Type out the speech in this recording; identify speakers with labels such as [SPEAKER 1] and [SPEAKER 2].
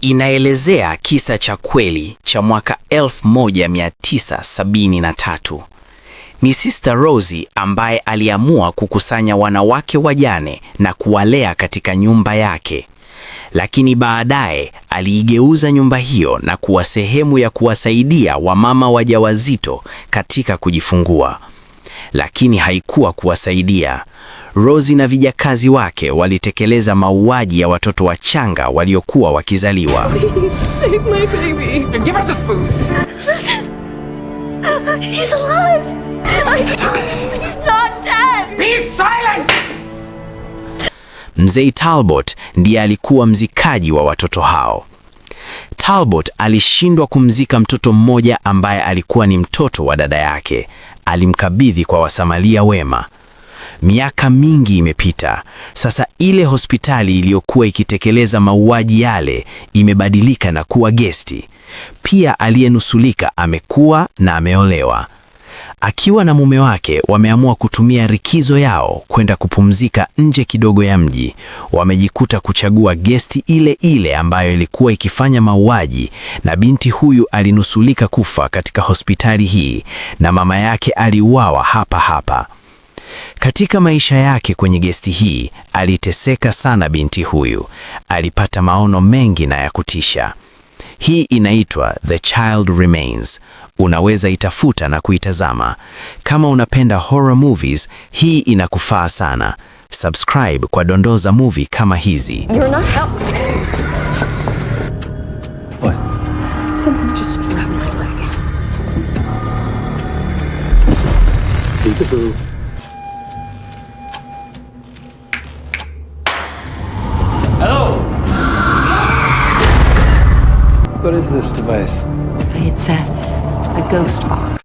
[SPEAKER 1] inaelezea kisa cha kweli cha mwaka 1973. Ni Sister Rosie ambaye aliamua kukusanya wanawake wajane na kuwalea katika nyumba yake. Lakini baadaye aliigeuza nyumba hiyo na kuwa sehemu ya kuwasaidia wamama wajawazito katika kujifungua lakini haikuwa kuwasaidia. rosi na vijakazi wake walitekeleza mauaji ya watoto wachanga waliokuwa wakizaliwa. Mzee Talbot ndiye alikuwa mzikaji wa watoto hao. Talbot alishindwa kumzika mtoto mmoja ambaye alikuwa ni mtoto wa dada yake, alimkabidhi kwa wasamalia wema. Miaka mingi imepita sasa. Ile hospitali iliyokuwa ikitekeleza mauaji yale imebadilika na kuwa gesti. Pia aliyenusulika amekuwa na ameolewa. Akiwa na mume wake wameamua kutumia rikizo yao kwenda kupumzika nje kidogo ya mji. Wamejikuta kuchagua gesti ile ile ambayo ilikuwa ikifanya mauaji, na binti huyu alinusulika kufa katika hospitali hii, na mama yake aliuawa hapa hapa. Katika maisha yake kwenye gesti hii aliteseka sana. Binti huyu alipata maono mengi na ya kutisha. Hii inaitwa The Child Remains. Unaweza itafuta na kuitazama. Kama unapenda horror movies, hii inakufaa sana. Subscribe kwa dondoo za movie kama hizi.
[SPEAKER 2] What is this device?
[SPEAKER 3] It's a, a ghost box.